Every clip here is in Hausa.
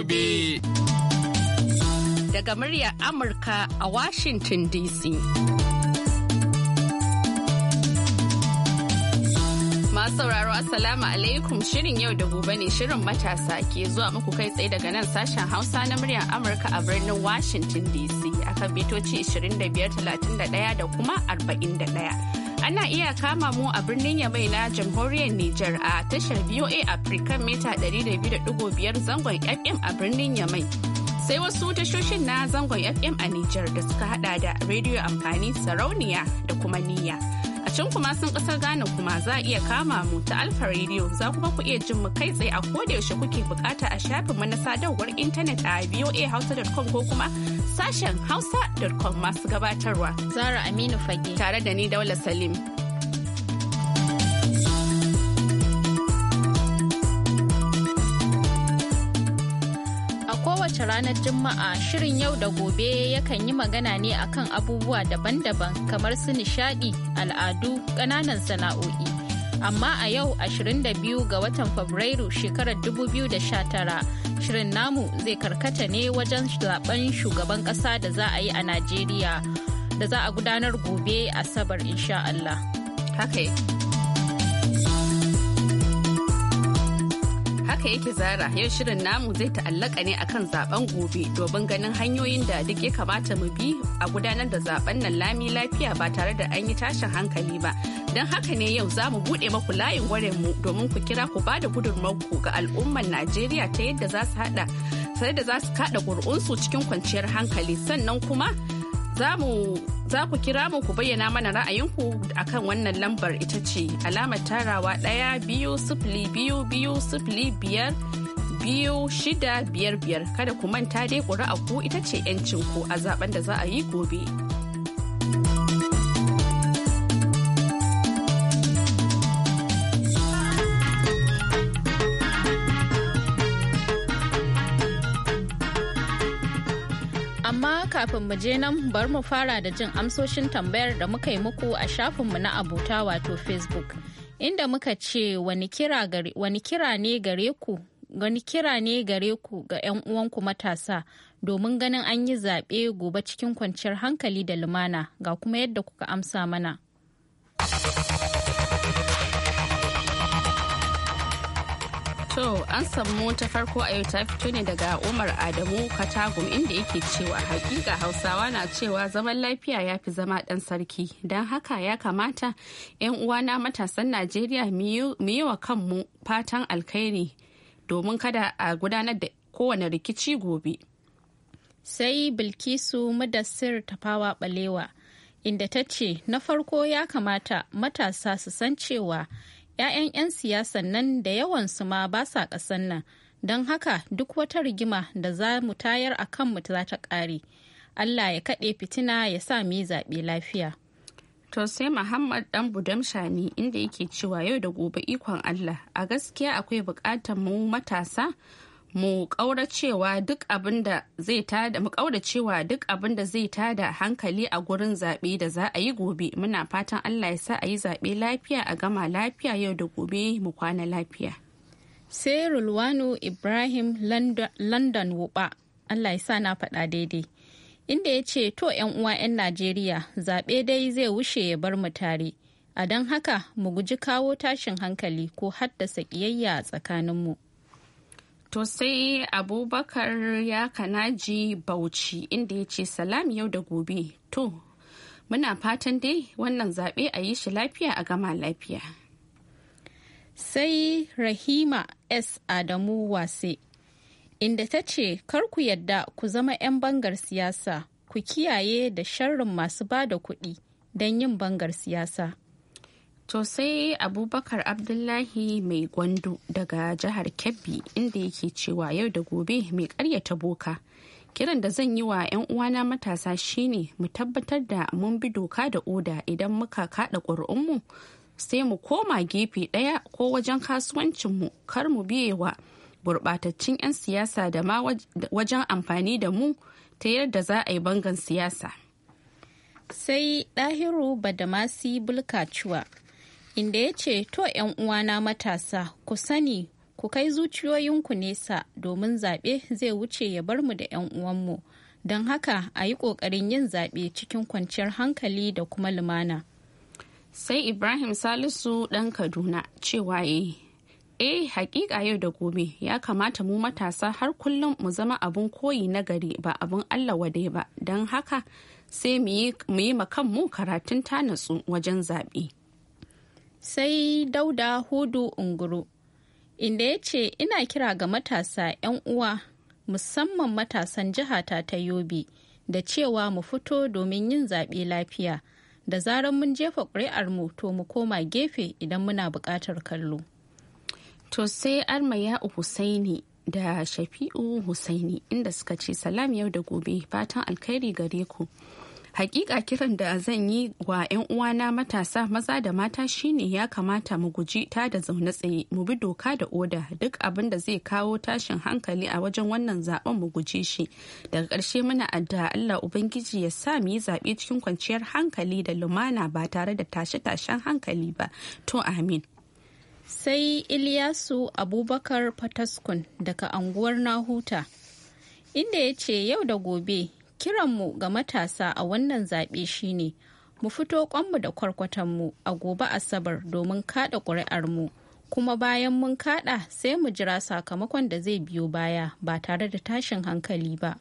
gobe. Daga muryar Amurka a Washington DC. Masu sauraro Assalamu alaikum shirin yau da gobe ne shirin matasa ke zuwa muku kai tsaye daga nan sashen Hausa na muryar Amurka a birnin Washington DC akan bitoci 25, 31 da kuma 41. Ana iya kama mu a birnin Yamai na jamhuriyar Nijar a tashar VOA Africa mita 200.5 zangon FM a birnin Yamai. Sai wasu tashoshin na zangon FM a Nijar da suka hada da rediyo amfani sarauniya da kuma niyya. a can kuma sun kasar gane kuma za a iya kama mu ta Alfa Radio za kuma ku iya jin mu kai tsaye a yaushe kuke bukata a shafin mu na sadarwar intanet a voahausa.com ko kuma sashen hausa.com masu gabatarwa. Zara Aminu Fage. Tare da ni Daula Salim. ranar Juma'a shirin yau da gobe yakan yi magana ne akan abubuwa daban-daban kamar su nishadi, al'adu, ƙananan sana'o'i. Amma a yau 22 ga watan Fabrairu shekarar 2019 shirin namu zai karkata ne wajen zaben shugaban ƙasa da za a yi a Najeriya da za a gudanar gobe Asabar insha Allah. haka yake zara yau shirin namu zai ta'allaka ne akan zaben gobe domin ganin hanyoyin da duk ya kamata mu bi a gudanar da zaben nan lami lafiya ba tare da an yi tashin hankali ba. Don haka ne yau za mu buɗe maku layin ware mu domin ku kira ku ba da gudunmarku ga al'ummar Najeriya ta yadda za su haɗa sai da za su kaɗa ƙuri'unsu cikin kwanciyar hankali sannan kuma za ku kira mu ku bayyana mana ra'ayinku akan wannan lambar ita ce alamar tarawa ɗaya biyu sifili biyu biyu sifili biyar biyu shida biyar biyar kada ku manta dai ku ra'a ku ita ce 'yancinku a zaben da za a yi gobe. kafin mu je nan bar mu fara da jin amsoshin tambayar da muka yi muku a shafinmu na abota wato Facebook. Inda muka ce wani kira ne gare ku wani kira ne gare ku ga 'yan uwanku matasa domin ganin an yi zaɓe gobe cikin kwanciyar hankali da lumana ga kuma yadda kuka amsa mana. To, an samu ta farko a yau ta fito ne daga Umar Adamu Katagum inda yake cewa hakika Hausawa na cewa zaman lafiya ya fi zama ɗan sarki. Don haka ya kamata 'yan uwana matasan Najeriya mu yi wa kanmu fatan alkhairi domin kada a gudanar da kowane rikici gobe. Sai Bilkisu Mudassir Tafawa Balewa inda ta ce na farko ya kamata matasa su san cewa 'ya'yan 'yan siyasan nan da yawansu ma ba sa ƙasan nan don haka duk wata rigima da za mu tayar a kanmu za ta ƙare allah ya kaɗe fitina ya sa mu yi zaɓe lafiya to sai muhammad dan budam shani inda yake cewa yau da gobe ikon allah a gaskiya akwai buƙatar mu matasa mu kauracewa duk abin da zai tada mu kauracewa duk abin da zai tada hankali a gurin zaɓe da za a yi gobe muna fatan Allah ya sa a yi zaɓe lafiya a gama lafiya yau da gobe mu kwana lafiya sai Rulwano Ibrahim London Wuba Allah ya sa na faɗa daidai inda ya ce to 'yan uwa 'yan Najeriya zaɓe dai zai wuce ya bar mu tare a don haka mu guji kawo tashin hankali ko haddasa ƙiyayya a tsakaninmu. mu To sai Abubakar ya kanaji Bauchi inda ya ce salam yau da gobe. To, muna fatan dai wannan zaɓe a yi shi lafiya a gama lafiya. Sai Rahima S. Adamu Wase, inda ta ce kar ku yadda ku zama 'yan bangar siyasa, ku kiyaye da sharrin masu bada kuɗi don yin bangar siyasa. To sai Abubakar Abdullahi mai gwandu daga jihar Kebbi inda yake cewa yau da gobe mai karyata boka. Kiran da zan yi wa 'yan uwana matasa shine mu tabbatar da mun bi doka da oda idan muka kada ƙuri'unmu sai mu koma gefe ɗaya ko wajen kasuwancinmu kar mu biye wa gurɓataccen 'yan siyasa da ma wajen amfani da mu ta yadda za a yi bangan siyasa. Sai ɗahiru Badamasi Bulkacuwa inda ya ce to yan uwana matasa ku sani ku kai zuciyoyinku nesa domin zaɓe zai wuce ya bar mu da yan uwanmu don haka a yi ƙoƙarin yin zaɓe cikin kwanciyar hankali da kuma lumana. sai ibrahim salisu ɗan kaduna cewa eh eh hakika yau da gobe ya kamata mu matasa har kullum mu zama abun koyi na gari ba abin allah wade ba don haka sai mu yi mu karatun tanatsu wajen zaɓe. sai dauda hudu unguru inda ya ce ina kira ga matasa 'yan uwa musamman matasan jihata ta yobe da cewa mu fito domin yin zaɓe lafiya da zarar mun jefa ƙuri'ar mu to mu koma gefe idan muna buƙatar kallo to sai armaya'u husaini da shafi'u husaini inda suka ce salam yau da gobe fatan alkhairi gare ku hakika kiran da zan yi wa 'yan uwana matasa maza da mata shine ya kamata mu guji ta da zaune tsaye mu bi doka da oda duk abin da zai kawo tashin hankali a wajen wannan zaben mu guji shi daga ƙarshe muna addu'a Allah ubangiji ya sa mu yi zaɓe cikin kwanciyar hankali da lumana ba tare da tashe-tashen hankali ba to amin sai Ilyasu Abubakar Fataskun daga anguwar Nahuta inda ya ce yau da gobe kiranmu ga matasa a wannan zaɓe shine mu fito kwanmu da kwarkwatanmu a gobe asabar domin kaɗa ƙuri'armu kuma bayan mun kaɗa sai mu jira sakamakon da zai biyo baya ba tare da tashin hankali ba.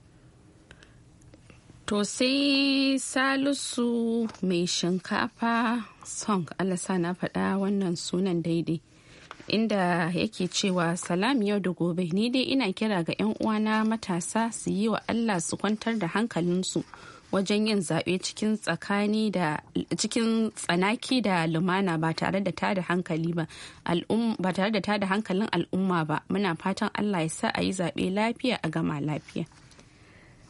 To sai Salisu mai shinkafa song Allah sa na faɗa wannan sunan daidai inda yake cewa salam yau da gobe ni dai ina kira ga 'yan uwana matasa su yi wa allah su kwantar da hankalinsu wajen yin zaɓe cikin tsakani da cikin tsanaki da lumana ba tare da tada hankali ba ba tare da tada hankalin al'umma ba muna fatan allah ya sa a yi zaɓe lafiya a gama lafiya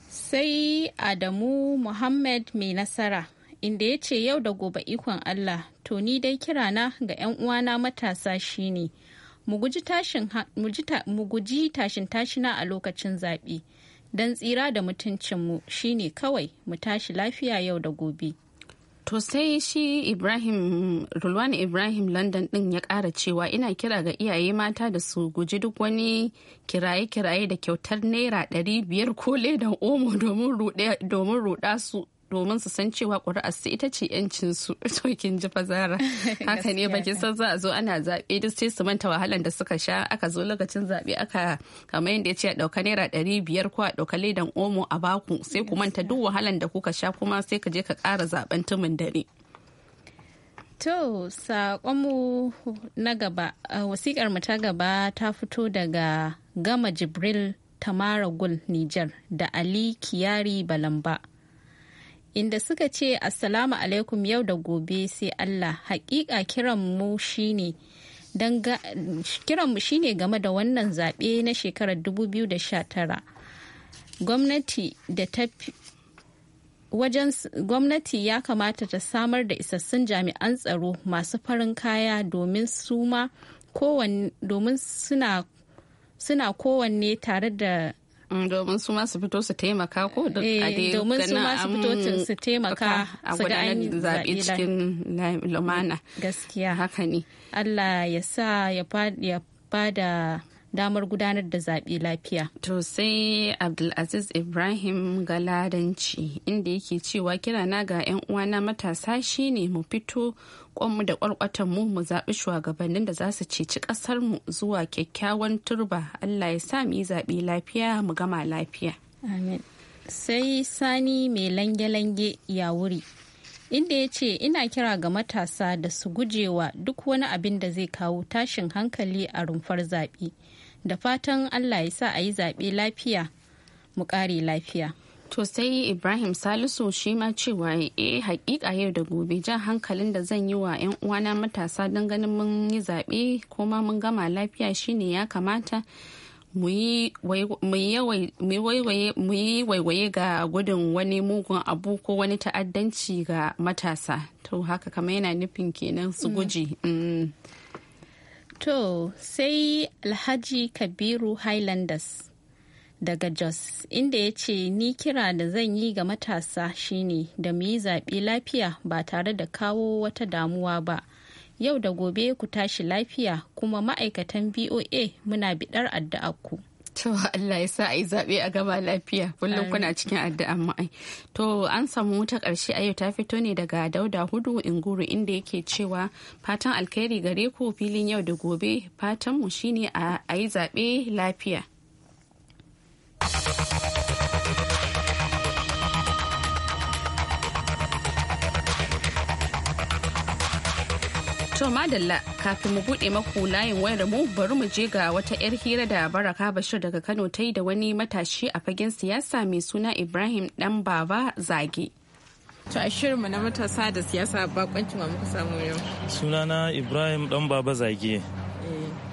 sai adamu muhammad mai nasara inda ya ce yau da gobe ikon Allah to ni dai kirana ga 'yan uwana matasa shine mu guji tashin tashina a lokacin zaɓe don tsira da mutuncinmu shine kawai mu tashi lafiya yau da gobe. To sai shi Ibrahim Rulwani Ibrahim London din ya ƙara cewa ina kira ga iyaye mata da su guji duk wani kiraye-kiraye da kyautar naira ɗari biyar ko ledan omo domin ruɗa su domin su san cewa ƙuri'ar su ita ce yancin su tokin jifa zara fazara haka ne bakin san za a zo ana zaɓe duk sai su manta wahalan da suka sha aka zo lokacin zaɓe aka kamar yadda ya ce a ɗauka naira ɗari biyar ko a ɗauka ledan omo a baku sai ku manta duk wahalan da kuka sha kuma sai ka je ka ƙara zaɓen tumin dare. To, saƙonmu na gaba, wasikar mu ta gaba ta fito daga Gama Jibril Tamara Gul Nijar da Ali Kiyari Balamba. inda suka ce assalamu alaikum yau da gobe sai Allah hakika kiranmu shine kiranmu shine game da wannan zabe na shekarar 2019 gwamnati da ta wajen gwamnati ya kamata ta samar da isassun jami'an tsaro masu farin kaya domin su ma domin suna kowanne tare da Mm, domin su ma su fito su taimaka ko da eh, domin su ma fito su taimaka a gudanar zaɓe cikin lumana gaskiya haka ne Allah ya sa ya bada damar gudanar da zaɓe lafiya. To sai Abdulaziz Ibrahim Galadanci inda yake cewa kirana ga 'yan uwana matasa shine mu fito kwanmu da kwarkwatanmu mu mu zaɓi shugabannin da za su ceci mu zuwa kyakkyawan turba allah ya sa mu yi zaɓe lafiya mu gama lafiya amin sai sani mai lange-lange ya wuri inda ya ce ina kira ga matasa da su gujewa duk wani abin da zai kawo tashin hankali a rumfar zaɓe da fatan allah ya sa a yi zaɓe lafiya mu ƙare lafiya To sai Ibrahim Salisu shi ma cewa eh hakika yau da gobe jan hankalin da zan yi wa 'yan uwana matasa don ganin mun yi zaɓe ko ma mun gama lafiya shine ya kamata mu yi waiwaye ga gudun wani mugun abu ko wani ta'addanci ga matasa. To haka kama yana nufin kenan su mm. guji. Mm. To sai Alhaji Kabiru Highlanders. daga Jos, inda ya ce ni kira da zan yi ga matasa shine da mu yi zaɓe lafiya ba tare da kawo wata damuwa ba. Yau da gobe ku tashi lafiya kuma ma'aikatan BOA muna biɗar addu'arku. To Allah ya sa a yi zaɓe a gaba lafiya kullum kuna cikin addu'a ma'ai. To an samu wuta ƙarshe a yau ta fito ne daga Dauda Hudu Inguru inda yake cewa fatan alkhairi gare ku filin yau da gobe fatan mu shine a yi zaɓe lafiya. To Madalla kafin mu buɗe maku layin wayar mu bari mu je ga wata 'yar hira da Baraka Bashir daga Kano ta yi da wani matashi a fagen siyasa mai suna Ibrahim Dan Baba Zage. To shirinmu na matasa da siyasa bakoncin wa muka samu yau. Sunana Ibrahim Dan Baba Zage.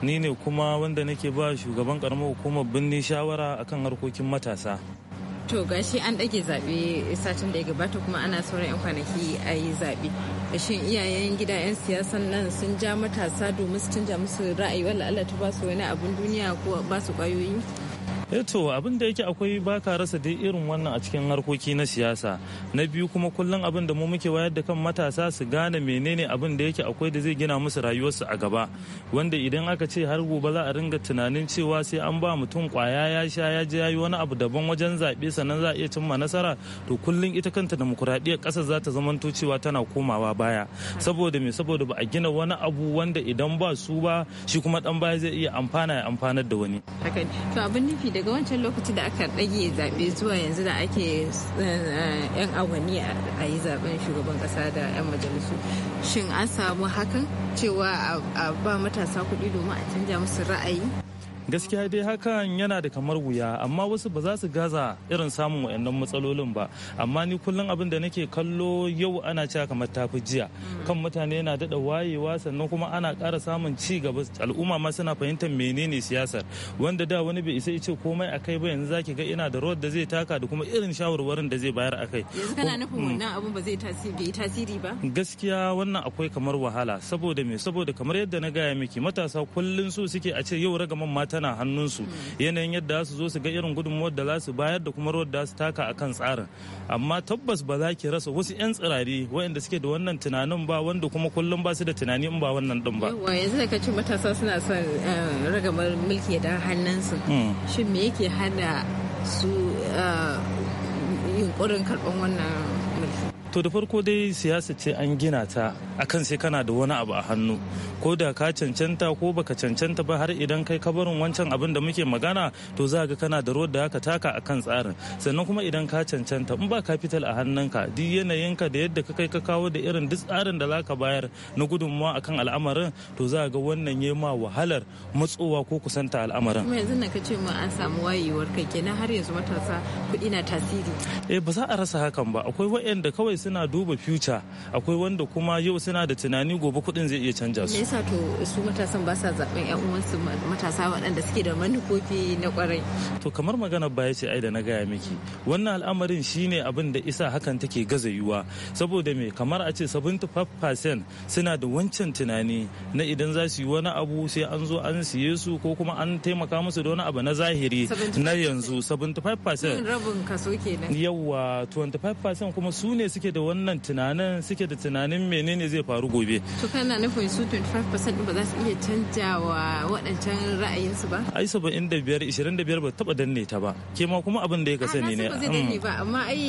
ni ne kuma wanda nake ba shugaban karamar hukumar birni shawara akan harkokin matasa to gashi an ɗage zaɓe satin da ya gabata kuma ana sauran 'yan kwanaki a yi zaɓe shin iyayen gida 'yan siyasan nan sun ja matasa domin su canja musu ra'ayi wala Allah ta ba su wani abun duniya ko ba su ƙwayoyi Eh to abin da yake akwai baka rasa dai irin wannan a cikin harkoki na siyasa na biyu kuma kullum abin da mu muke wayar da kan matasa su gane menene abin da yake akwai da zai gina musu rayuwarsu a gaba wanda idan aka ce har gobe za a ringa tunanin cewa sai an ba mutum kwaya ya sha ya je ya yi wani abu daban wajen zaɓe sannan za a iya cimma nasara to kullum ita kanta demokuraɗiyyar ƙasa za ta zama cewa tana komawa baya saboda me saboda ba a gina wani abu wanda idan ba su ba shi kuma dan baya zai iya amfana ya amfanar da wani. daga wancan lokaci da aka ɗage zaɓe zuwa yanzu da ake eh, yan awanni a yi zaɓen shugaban ƙasa da 'yan majalisu shin an samu hakan cewa a ba matasa kuɗi domin a canja musu ra'ayi gaskiya dai hakan yana da kamar wuya amma wasu ba za su gaza irin samun wa'annan matsalolin ba amma ni kullum abin da nake kallo yau ana cewa kamar tafi jiya kan mutane yana daɗa wayewa sannan kuma ana ƙara samun ci gaba al'umma ma suna fahimtar menene siyasar wanda da wani bai isa ce komai a kai ba yanzu zaki ga ina da rawar da zai taka da kuma irin shawarwarin da zai bayar a kai yanzu kana nufin mm. wannan abun ba zai tasiri ba gaskiya wannan akwai kamar wahala saboda me saboda kamar yadda na gaya miki matasa kullum so suke a ce yau ragaman mata tana hannunsu yanayin yadda su zo su ga irin gudunmuwar da za su bayar da kuma rawar da su taka a kan tsarin amma tabbas ba za ki rasa wasu 'yan tsirari waɗanda suke da wannan tunanin ba wanda kuma kullum ba su da tunani in ba wannan din ba yanzu da kace matasa suna son eh, ragamar mulki da hannunsu hmm. shin me yake hana su eh, yunkurin karɓar wannan to da farko dai siyasa ce an gina ta akan sai kana da wani abu a hannu ko da ka cancanta ko baka cancanta ba har idan kai ka barin wancan abin da muke magana to za ga kana da ruwa da ka taka akan tsarin sannan kuma idan ka cancanta in ba capital a hannunka duk yanayinka da yadda ka kai ka kawo da irin duk tsarin da zaka bayar na gudunmawa akan al'amarin to za ga wannan ya ma wahalar matsowa ko kusanta al'amarin kuma yanzu na kace ma an samu wayewar kai kenan har yanzu matasa kuɗi na tasiri eh ba za a rasa hakan ba akwai waɗanda kawai suna duba future akwai wanda kuma yau suna da tunani gobe kuɗin zai iya canja su. Me yasa to su matasan ba sa zaɓen ƴan uwansu matasa waɗanda suke da manufofi na kwarai. To kamar magana baya ce ai da na gaya miki wannan al'amarin shine abin da isa hakan take gaza yiwa saboda me kamar a ce 75% suna da wancan tunani na idan za su yi wani abu sai an zo an siye su ko kuma an taimaka musu da wani abu na zahiri na yanzu 75% rabin kaso kenan yawa 25% kuma su ne suke da wannan tunanin suke da tunanin menene zai faru gobe to kana nufin su 25% ba za su iya canjawa waɗancan ra'ayinsu ba ai 75 25 ba taɓa danne ta ba ke ma kuma abin da ya kasani ne ba zai danne mm. ba amma ai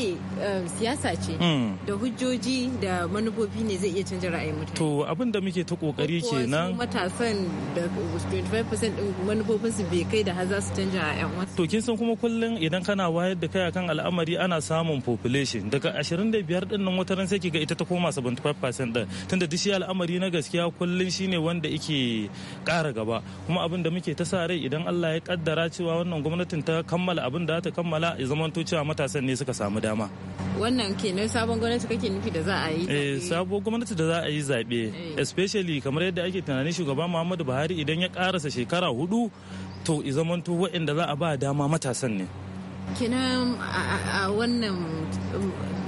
eh, siyasa ce mm. da hujjoji da manufofi ne zai iya canja ra'ayin mutane to abin da muke ta kokari kenan matasan da 25% din manufofin su bai kai da har za su canja ra'ayin wasu to kin san kuma kullun idan kana wayar da kai akan al'amari ana samun population daga 25 din nan wata ran sai ki ga ita ta koma 75% din tunda duk shi al'amari na gaskiya kullun shine wanda yake ƙara gaba kuma abin da muke ta sa rai idan Allah ya kaddara cewa wannan gwamnatin ta kammala abin da ta kammala ya to cewa matasan ne suka samu dama wannan kenan sabon gwamnati kake nufi da za a yi eh sabon gwamnati da za a yi zabe eh. especially kamar yadda ake tunanin shugaba Muhammadu Buhari idan ya karasa shekara hudu to i zamanto waɗanda za a ba dama matasan ne kenan a wannan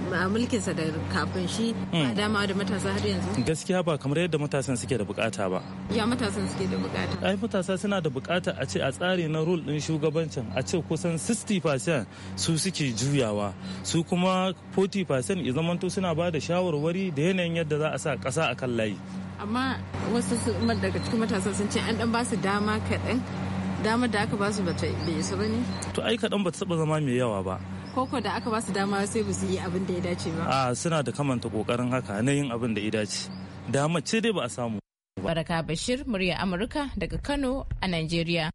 mulkinsa da kafin shi ba hmm. dama da matasa har yanzu gaskiya ba kamar yadda matasan suke da bukata ba ya matasan suke da bukata ai matasa suna da bukata a ce a tsari na rule din shugabancin a ce kusan 60% su suke juyawa su kuma 40% ya zamanto suna ba da shawarwari da yanayin yadda za a sa kasa a kan layi amma wasu daga cikin matasan sun ce an dan ba su dama kaɗan damar da aka ba su bata bai isa ba ne to ai kaɗan ba ta taɓa zama mai yawa ba koko da aka basu dama sai ba su yi abin da ya dace ba a suna da kamanta kokarin haka na yin abin da ya dace dama ce dai ba a samu baraka bashir murya amurka daga kano a nigeria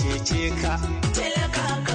cece ka. Talaka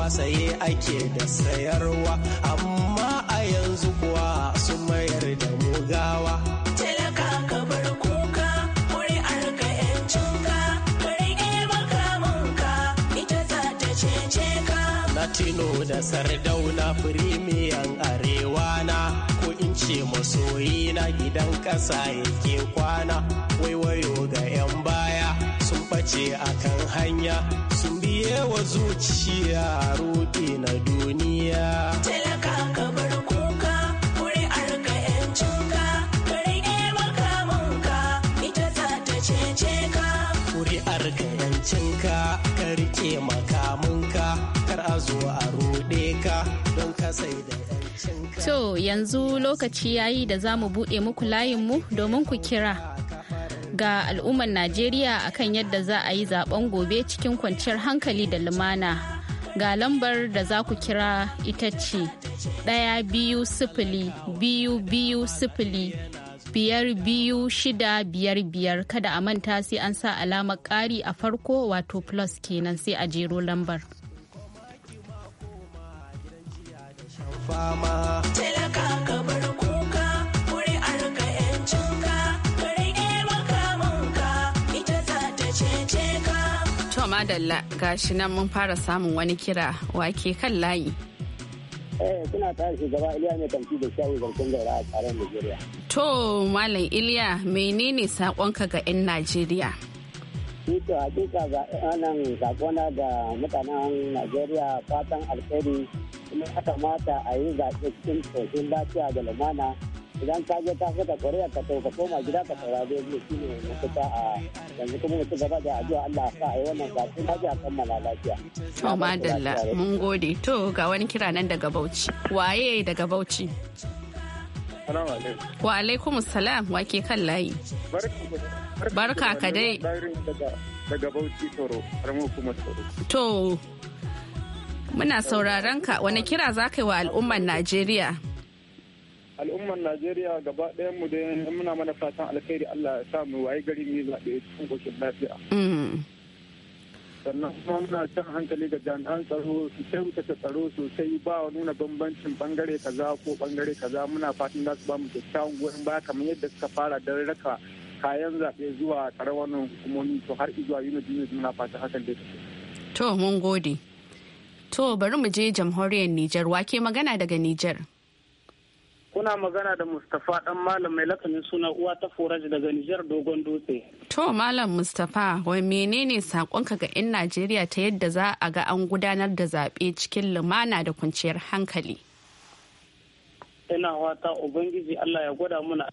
kasuwa saye ake da sayarwa amma a yanzu kuwa su mayar da mugawa. Talaka ka bar kuka, ka ita za ta Latino da Sardauna firimiyan arewa na, ko in ce masoyi na gidan ƙasa yake kwana, waiwayo ga 'yan baya sun ɓace akan hanya sun yewa zuciya rudi na duniya talaka ka bar kuka wuri arka ka ka rike makamanka ita za ta cece ka wuri arka ka riƙe makamanka kar a zo a rude ka don ka sai da yancinka to yanzu lokaci yayi da za mu buɗe muku layinmu domin ku kira ga al'ummar najeriya akan yadda za a yi zaben gobe cikin kwanciyar hankali da lumana ga lambar da za ku kira ita ce ɗaya biyu sifili biyu biyu sifili biyar biyu shida biyar biyar kada a manta sai an sa alama ƙari a farko wato plus kenan sai a jero lambar fama. madalla gashi nan mun fara samun wani kira wake kan layi. Eh kuna tare shugaba Iliya ne kamfi da shawu a tsarin Najeriya. To Malam Iliya menene sakonka ga 'yan Najeriya? Ito hakika ga anan sakona ga mutanen Najeriya fatan alheri kuma aka mata a yi zaɓe cikin tsohon lafiya da lumana idan ka je ka fita korea ka to ka koma gida ka tsara da yake shine ta a yanzu kuma mu ci gaba da addu'a Allah sa yi wannan gasu na ji a kammala lafiya to madalla mun gode to ga wani kira nan daga Bauchi waye daga Bauchi wa alaikum salam wa ke kan layi barka ka dai daga Bauchi Toro har mu kuma Toro to muna sauraron ka wani kira za ka yi wa al'ummar Najeriya al'ummar najeriya gaba ɗayan mu dai muna mana fatan alkhairi allah ya samu mu waye gari ne zaɓe cikin koshin lafiya mm. sannan kuma muna can hankali ga jami'an tsaro su ta tsaro sosai ba wa nuna bambancin bangare kaza ko bangare kaza muna fatan za su ba mu kyakkyawan goyon baya kamar yadda suka fara don raka kayan zaɓe zuwa karawan hukumomi to har zuwa yunus yunus muna fatan hakan dai to mun gode to bari mu je jamhuriyar nijar wake magana daga nijar. kuna magana da Mustapha dan malam mai lakanin suna uwa ta foraj daga Nijar Dogon Dutse. To malam Mustapha wai menene sakonka ga 'yan Najeriya ta yadda za a ga an gudanar da zaɓe cikin lumana da kwanciyar hankali? Ina wata Ubangiji Allah ya gwada muna.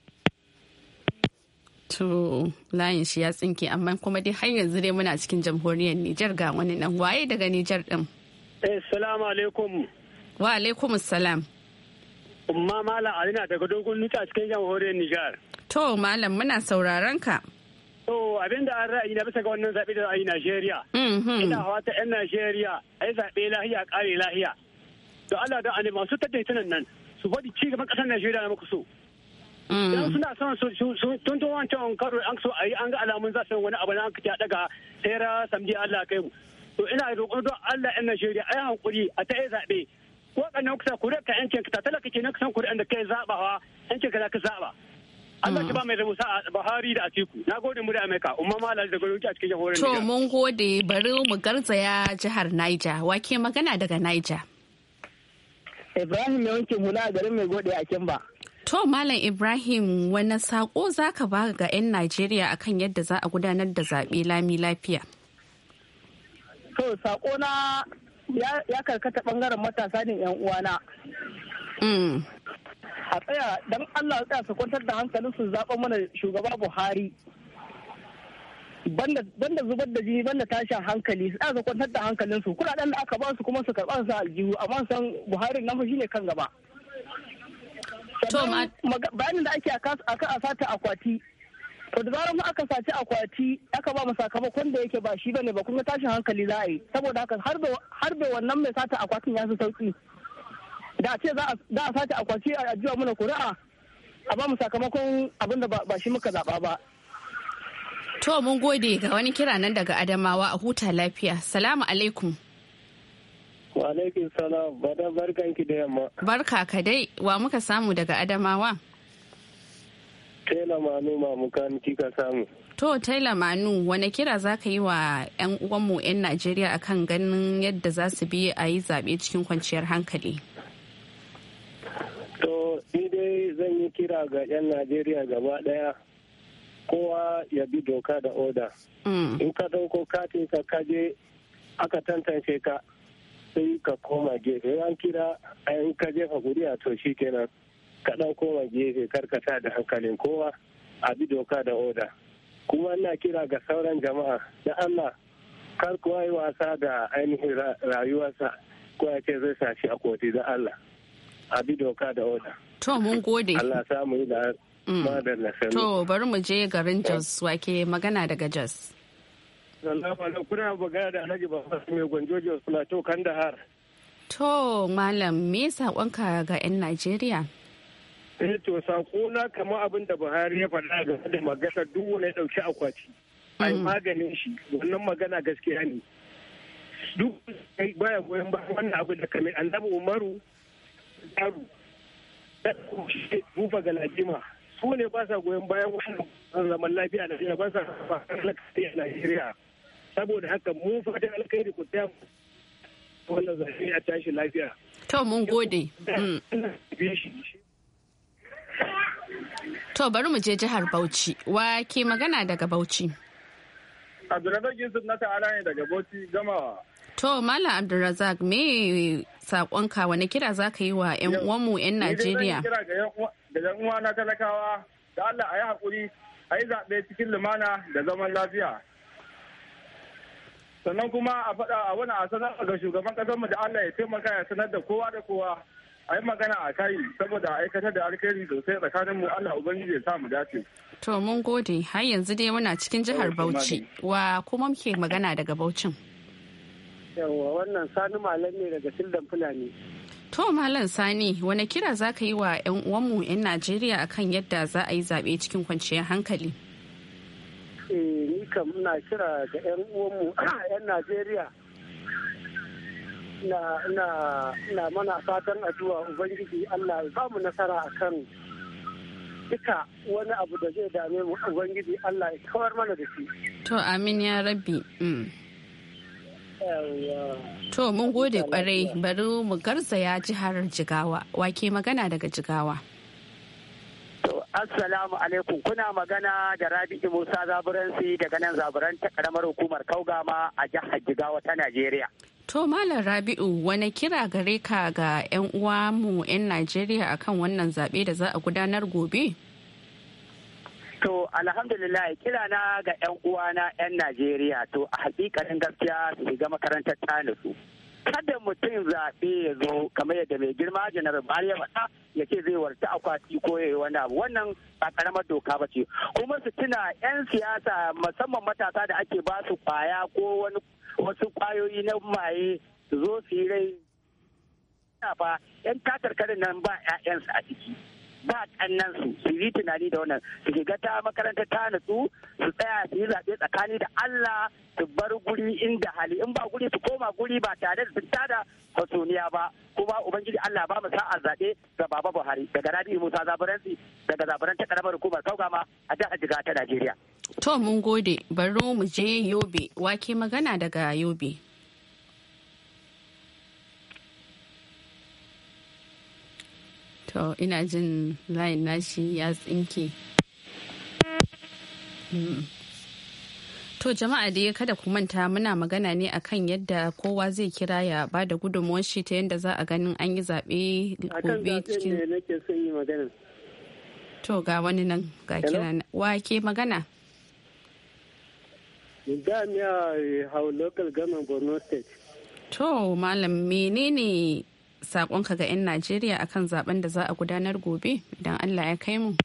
To layin shi ya tsinke amma kuma dai har yanzu dai muna cikin jamhuriyar Nijar ga wani nan waye daga Nijar din. Eh Salam alaikum. Wa alaikum salam. Umma Malam Alina daga dogon nuta cikin jamhuriyar Nijar. To Malam muna sauraron ka. To abin da an ra'ayi na bisa ga wannan zaɓe da a yi Najeriya. Mhm. Ina hawa ta 'yan Najeriya a yi zaɓe lahiya ƙare lahiya. To Allah da Ali masu tunan nan su faɗi ci gaban ƙasar Najeriya na muku so. Mm. Idan suna son su tun tun wancan karo an so a yi an ga alamun za su yi wani abu na an kaci daga sai ra samdi Allah kai mu. To ina roƙon don Allah 'yan Najeriya a yi hankuri a ta yi zaɓe. waɗannan kusa kuri'a ka yanke ka talaka ke na kusan kuri'an da kai zaɓawa yanke ka za ka zaɓa. Allah mm. shi ba mai rubuta a Buhari da Atiku. Na gode mu da Amerika. Umma Malal da gwamnati a cikin Niger To mun gode bari mu garzaya jihar Niger. Wake magana daga Niger. Ibrahim ya wanke hula a garin mai gode a Kimba. To Malam Ibrahim wani sako za ka ba ga 'yan Najeriya akan yadda za a gudanar da zaɓe lami lafiya? To sako na ya karkata bangaren matasa ne yan uwana mm. a tsaya don allah tsaya su kwantar da hankalin su zaɓa mana shugaba buhari banda zubar da jini banda tashin hankali su tsaya su kwantar da hankalin su kuɗaɗen da aka ba su kuma su karɓa su aljihu amma san buhari nan ne kan gaba bayanin da ake a sata akwati to da zarar aka saci akwati aka ba mu sakamakon da yake ba shi bane ba kuma tashin hankali za a yi saboda haka har da wannan mai sata akwatin ya fi sauki da ce za a sace akwati a ajiyar muna kuri'a a ba mu sakamakon abin da ba shi muka zaba ba to mun gode ga wani kira nan daga adamawa a huta lafiya salamu alaikum wa alaikum salam bada barkan ki da yamma barka ka dai wa muka samu daga adamawa Taylor Manu Mamukaniki ka samu. To Taylor Manu wane kira za ka yi wa 'yan uwanmu 'yan Najeriya akan ganin yadda za su bi a yi zaɓe cikin kwanciyar hankali? To ni dai zan yi kira ga 'yan Najeriya gaba ɗaya kowa ya bi doka da oda. Mm. In ka ɗauko katin ka kaje aka tantance ka sai ka koma gefe. Yan kira an ka jefa a to shi kenan. kaɗan koma gefe karkata da hankalin kowa a bi doka da oda kuma ina kira ga sauran jama'a da allah kar kowa yi wasa da ainihin rayuwarsa ko ya ce zai sashi a koti da allah a bi doka da oda to mun gode allah samu yi da mm. to bari mu je garin eh. jos wake magana daga jos Salamu kuna magana da Alhaji Baba mai gwanjojo Plateau Kandahar. To Malam me saƙonka ga 'yan Najeriya? eh to na kama abin da buhari ya faɗa game da magana duk wani ɗauki akwati ai mm. maganin shi wannan magana gaskiya ne duk baya goyon ba wannan abin da kamar annabi umaru daru rufa galadima su ne ba sa goyon bayan wannan zaman lafiya na ba sa lafiya a Najeriya saboda haka mu fatan alkhairi ku ta wannan zafi a tashi lafiya to mun gode mm. To bari mu je jihar Bauchi. Wa ke magana daga Bauchi? Abdulrazak Yusuf na ta'ala ne daga Bauchi gamawa. To Malam Abdulrazak me saƙonka wani kira za ka yi wa 'yan uwanmu 'yan Najeriya? da 'yan uwa na talakawa da Allah a yi haƙuri a yi zaɓe cikin lumana da zaman lafiya. Sannan kuma a faɗa a wani a sanar ga shugaban ƙasarmu da Allah ya taimaka ya sanar da kowa da kowa A yi magana a Kayi saboda aikatar da alkhairi sosai tsakanin mu Allah ubangiji ya sa mu dace to mun gode har yanzu dai muna cikin jihar Bauchi wa kuma muke magana daga Bauchin yawa wannan sani malam ne daga Sildan Fulani to malam sani wani kira za ka yi wa 'yan uwanmu 'yan najeriya akan yadda za a yi zaɓe cikin kwanciyar hankali eh ni kam kira ga 'yan uwanmu 'yan najeriya na mana fatan addu'a ubangiji Allah ya mu nasara akan duka wani abu da zai dame mu ubangiji Allah ya kawar mana da shi to amin ya rabbi mm. to mun gode kwarai bari mu garzaya jihar jigawa wake magana daga jigawa Assalamu alaikum kuna magana da Rabi'u Musa Zaburansi daga nan Zaburan ta karamar hukumar Kaugama a jihar Jigawa ta Najeriya. To Malam Rabi'u wani kira gare ka ga 'yan uwa mu 'yan Najeriya akan wannan zaɓe da za a gudanar gobe? To alhamdulillah kira na ga 'yan uwa na 'yan Najeriya to a hakikalin gaskiya su shiga makarantar tanisu. Kada mutum zaɓe ya zo kamar yadda mai girma janar Bari ya faɗa ya ce zai warta akwati ko ya yi wani abu wannan ba karamar doka ba ce kuma su tuna 'yan siyasa musamman matasa da ake ba su kwaya ko wani wasu kwayoyi na maye su zo su yi rai fa yan karin nan ba 'ya'yansu a ciki ba kannan su su yi tunani da wannan su shiga ta makaranta ta nutsu su tsaya su yi zaɓe tsakani da Allah su bar guri inda hali in ba guri su koma guri ba tare da sun tada fasoniya ba kuma ubangiji Allah ba mu sa'a zaɓe ga Baba Buhari daga Rabi Musa Zaburansi daga Zaburan ta karamar hukumar ma a jihar Jigawa ta Najeriya. To mun gode bari mu je Yobe wake magana daga Yobe. To ina jin layin nashi ya tsinke. Hmm. To jama'a dai kada ku manta muna magana ne akan yadda kowa zai kira ya ba da gudunmuwar shi ta yadda za a ganin an yi zaɓe gobe cikin. To ga wani nan ga kira wake magana. Damiya how eh, local government Borno state. To malam menene sakonka ga 'yan Najeriya akan zaben da za a gudanar gobe idan Allah ya kai mu?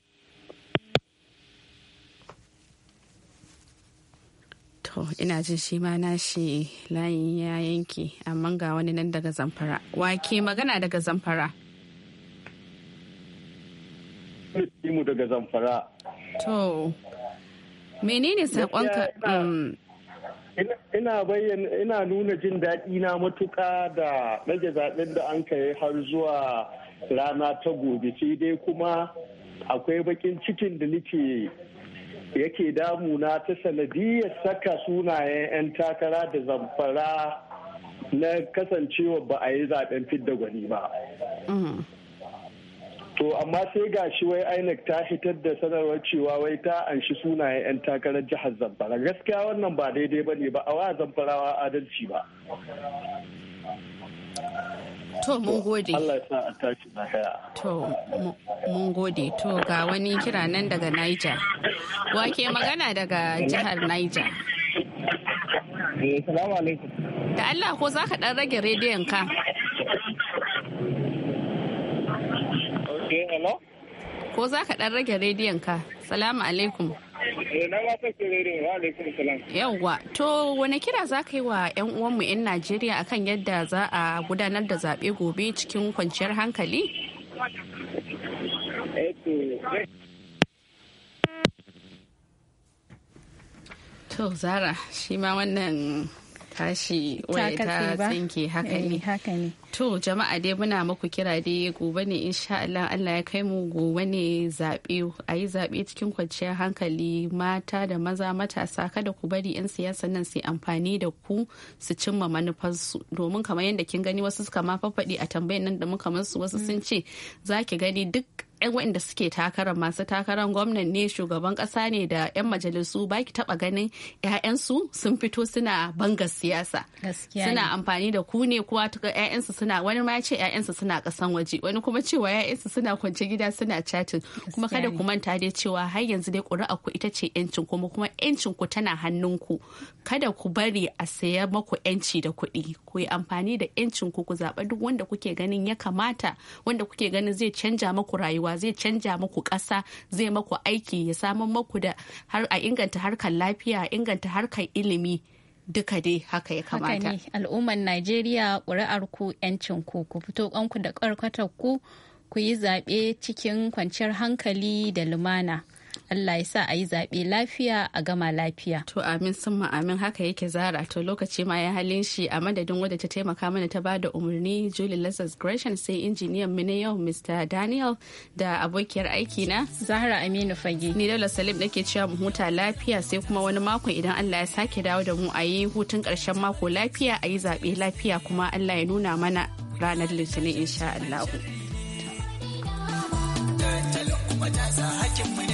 To ina jin shi ma nashi layin ya yanke amma ga wani nan daga zamfara. Wake magana daga zamfara. Mu daga zamfara. To menene saƙonka mm. ina bayyana ina nuna jin daɗi na matuƙa da rage zaɓen da an kai har zuwa rana ta gobe sai dai kuma akwai bakin cikin da nake yake damuna ta sanadiyar saka sunayen 'yan takara da zamfara na kasancewa ba a yi zaɓen fidda gwani ba. Mm. to amma sai ga shi wai inec ta hitar da sanarwar cewa wai ta anshi sunayen 'yan takarar jihar zamfara gaskiya wannan ba daidai ba ne ba a wa zamfarawa adalci ba To mun gode. To mun gode. To ga wani kira nan daga Niger. Wake magana daga jihar Niger. Eh, da Allah ko za ka ɗan rage rediyon ka? ko za ka ɗan rage rediyon ka salamu alaikum eh, yauwa to wani kira za ka yi wa 'yan uwanmu 'yan najeriya akan yadda za a gudanar da zaɓe gobe cikin kwanciyar hankali eh, to zara shi ma wannan tashi waya ta tsinke haka eh, ne haka ne to jama'a dai muna muku kira dai gobe ne insha Allah Allah ya kai mu gobe ne zabe a yi zabe cikin kwanciyar hankali mata da maza matasa kada ku bari yan siyasa nan su amfani da ku su cimma manufarsu domin kamar yadda kin gani wasu suka ma faɗi a tambayin nan da muka musu wasu sun mm. ce zaki gani duk 'yan waɗanda suke takarar masu takarar gwamnan ne shugaban kasa ne da 'yan majalisu ba ki taɓa ganin 'ya'yansu sun fito suna bangar siyasa. Suna amfani da ku ne kuwa 'ya'yansu suna wani ma ce 'ya'yansu suna ƙasan waje wani kuma cewa 'ya'yansu suna kwance gida suna chatin kuma kada ku manta dai cewa har yanzu dai ƙuri'a ku ita ce 'yancin kuma kuma 'yancin ku tana hannun ku kada ku bari a saya maku 'yanci da kuɗi ku yi amfani da 'yancin ku ku zaɓa duk wanda kuke ganin ya kamata wanda kuke ganin zai canja maku rayuwa cewa zai canja muku ƙasa zai maku aiki ya samu maku da har a inganta harkar lafiya inganta harkar ilimi duka dai haka ya kamata. Haka ne al'ummar Najeriya ƙuri'ar ku 'yancin ku ku fito ƙwanku da ƙarƙatar ku ku yi zaɓe cikin kwanciyar hankali da lumana. Allah ya sa a yi zaɓe lafiya a gama lafiya. To amin sun amin haka yake zara to lokaci ma ya halin shi a madadin wadda ta taimaka mana ta ba da umarni Julie Lazarus Gresham sai injiniyan mu na yau Mr. Daniel da abokiyar aiki na Zahra Aminu Fage. Ni Daula Salim nake cewa mu huta lafiya sai kuma wani mako idan Allah ya sake dawo da mu a yi hutun karshen mako lafiya a yi zaɓe lafiya kuma Allah ya nuna mana ranar Litinin insha Allah. kuma ta sa hakin